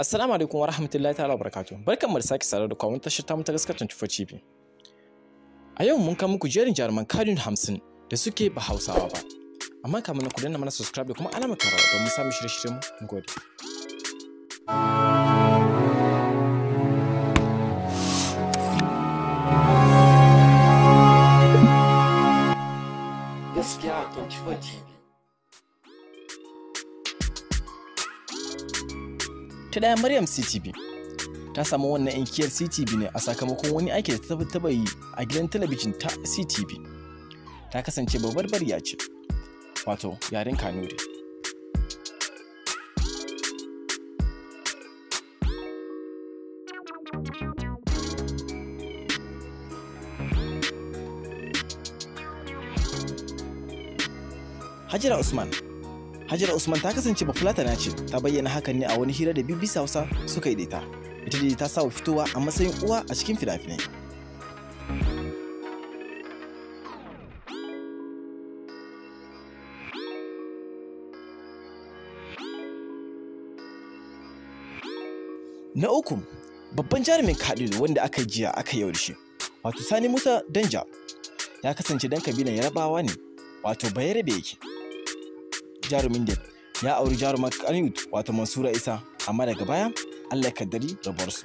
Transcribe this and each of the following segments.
Assalamu alaikum wa rahmatullahi ta'ala barakatu. Barkan mu da sake da kwa wani tashar tamu ta gaskar tufa cibi. A yau mun kawo muku jerin jaruman Kadun hamsin da suke ba Hausawa ba. Amma kamar na ku danna mana subscribe da kuma alamar karawa don mu samu shirye-shiryen mu. Mun gode. ta daya maryam ctv ta samu wannan inkiyar ctv ne a sakamakon wani aiki da ta taba yi a gidan talabijin ta ctv ta kasance babbar bariya ce wato yaren kanuri Hajira Usman Hajara Usman ta kasance bafulatana ce, ta bayyana hakan ne a wani hira da BBC Hausa suka yi da ita. Ita dai ta sa fitowa a matsayin uwa a cikin fina-finai. Na uku, babban jarumin Kalilu wanda aka jiya aka yau da shi, wato Sani Musa Danja, ya kasance dan kabilan Yarabawa ne, wato Bayarabe yake. jarumin da ya auri jarumar Kanut wato Mansura Isa amma daga baya Allah ya kaddari su.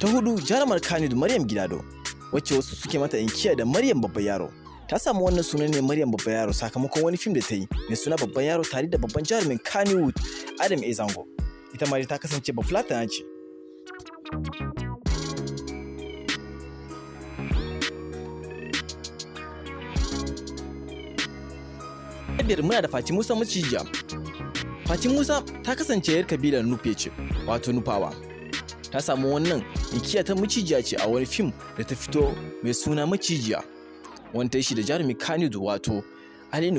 Ta hudu jarumar Kannywood Maryam Gidado wacce wasu suke mata inkiya da Maryam Babban Yaro. ta samu wannan sunan ne Maryam Babban Yaro sakamakon wani fim da ta yi mai suna Babban Yaro tare da babban jarumin Kannywood Adam Ezango. Ita ma ta kasance bafulatana ce Kabir muna da Fati Musa macijiya. Fati Musa ta kasance yar kabilar Nufe ce, wato Nufawa. Ta samu wannan ikiya ta macijiya ce a wani fim da ta fito mai suna macijiya. Wanda shi da jarumi Kanidu wato Ali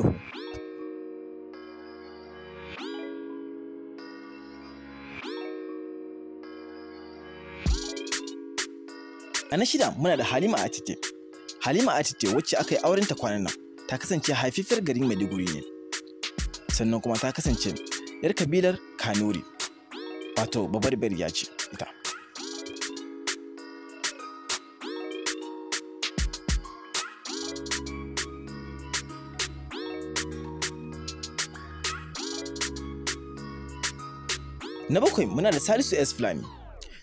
A na shida muna da Halima Atite. Halima a Atite wacce aka yi aurenta kwanan nan ta kasance haififiyar garin Maiduguri ne. Sannan kuma ta kasance yar kabilar Kanuri. Wato babar bariya ce ita. Na bakwai muna da Salisu S. Fulani.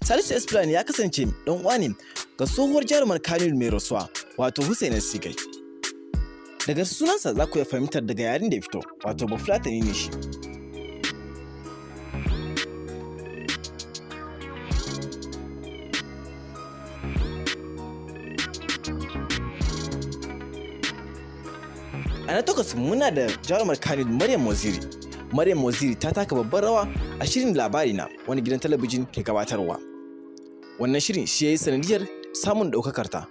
Salisu S. Fulani ya kasance ɗan uwa ne ga tsohuwar jarumar kanil mai rasuwa wato Hussein Sigai. Daga sunansa za ku iya fahimtar daga yarin da ya fito wato Bafulatani ne shi. A na takwas muna da jarumar kanil Maryam Waziri. Maryam Waziri ta taka babbar rawa a shirin labari na wani gidan talabijin ke gabatarwa. Wannan shirin shi ya yi sanadiyar samun ɗaukakarta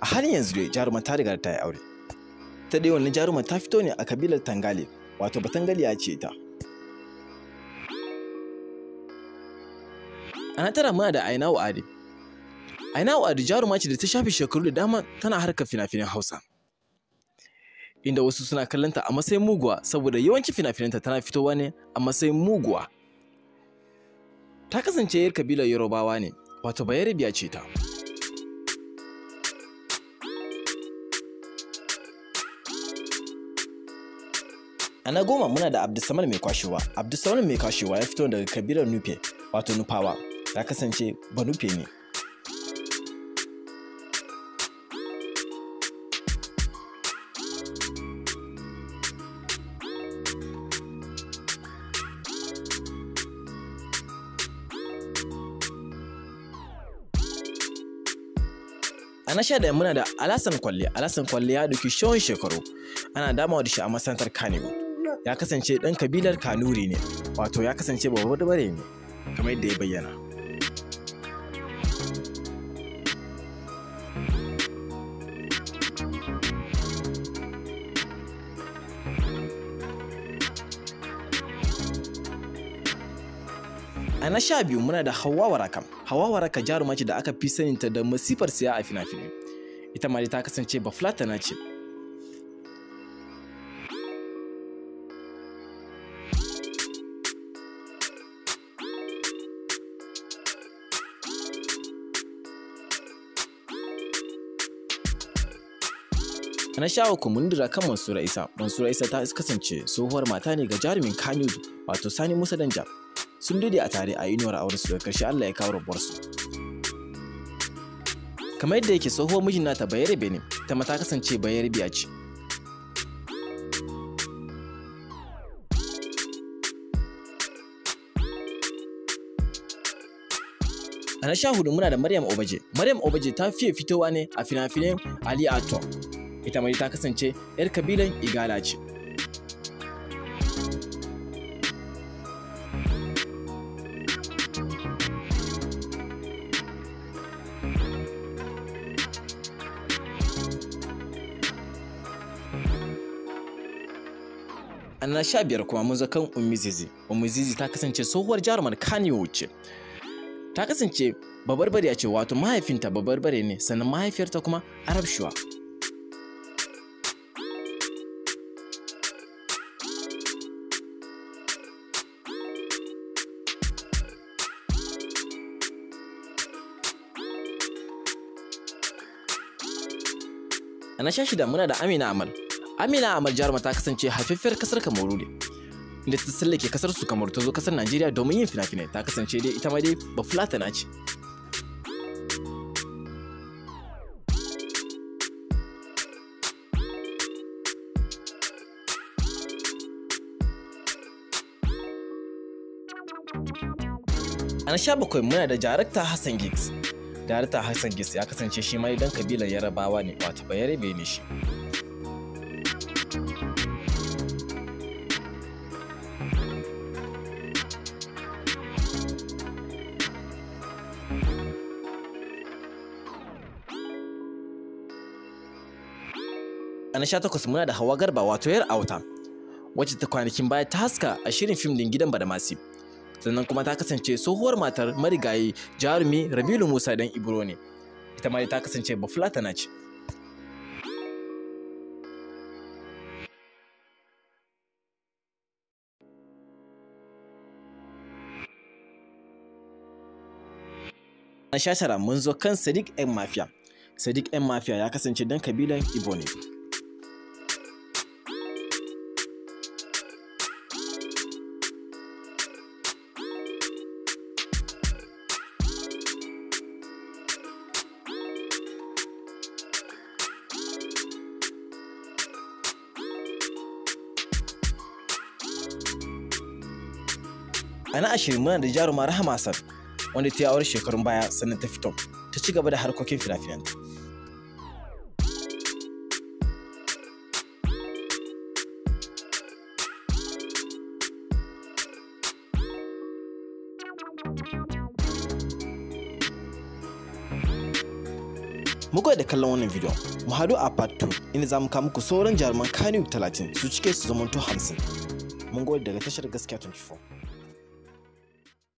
a halin yanzu dai jarumar ta riga ta yi aure ta dai wannan jaruman ta fito ne a kabilar tangale wato batangaliya ce ta a tara muna da aina wa'adi aina wa'adi jaruma ce da ta shafe shekaru da dama tana harkar fina-finan hausa inda wasu suna kallonta a matsayin muguwa saboda yawancin fina-finanta tana fitowa ne a matsayin muguwa ta kasance yar kabilar yorubawa ne wato bayarabiya ce ta A na goma muna da Abdulsamad mai kwashewa. Abdulsamad mai kwashewa ya fito daga kabilar Nufe, wato Nufawa. Ya kasance ba Nufe ne. A na sha muna da Alasan Kwalle. Alasan Kwalle ya duki shawon shekaru. Ana damawa da shi a masantar Kanewood. ya kasance ɗan kabilar kanuri ne wato ya kasance babarbare ne kamar yadda ya bayyana A na sha biyu muna da Hawa Waraka. Hawa Waraka jaruma ce da aka fi saninta da masifar siya a fina-finai. Ita ma ta kasance ba ce, na sha uku kumundura kan mansura isa mansura isa ta kasance tsohuwar mata ne ga jarumin kanyudu wato sani musa danja sun dade a tare a inuwar auren su daga karshe allah ya kawo rabuwar su kamar yadda yake tsohuwar mijin nata bayarabe Bene, ta mata kasance Biya ce A na sha hudu muna da Maryam Obaje. Maryam Obaje ta fiye fitowa ne a fina finai Ali Ato. ita mai ta kasance 'yar kabilan igala ce a na sha biyar kuma mun zakan umizizi umizizi ta kasance tsohuwar jarumar kaniwo ce ta kasance bariya ce wato mahaifinta babarbare ne sannan mahaifiyarta kuma arab shuwa A na sha shida muna da Amina Amal. Amina Amal jaruma ta kasance haifaffiyar kasar Kamaru ne. Inda ta tsallake kasar su Kamaru ta zo kasar Najeriya domin yin fina-finai ta kasance dai ita ma dai ba na ce. A na sha bakwai muna da jarakta Hassan Giggs. Darata Hassan Gis ya kasance shi mai idan kabilar Yarabawa ne wato Bayarabe ne shi. A na takwas muna da Hawa Garba wato yar auta wacce ta kwanakin baya ta haska a shirin fim din gidan Badamasi. sannan kuma ta kasance tsohuwar matar marigayi jarumi rabilu musa dan ibro ne ita ma ta kasance bafulatana ce na shashara mun zo kan sadiq yan mafiya sadiq yan mafiya ya kasance dan kabilan ibo ne a na ashirin muna da jaruma rahama hassan wanda ta yi aure shekarun baya sannan ta fito ta ci gaba da harkokin fina Muku da kallon wannan video mu hadu a part 2 inda za mu kawo muku sauran jaruman kaniyu 30 su cike su zamanto 50 mun gode daga tashar gaskiya 24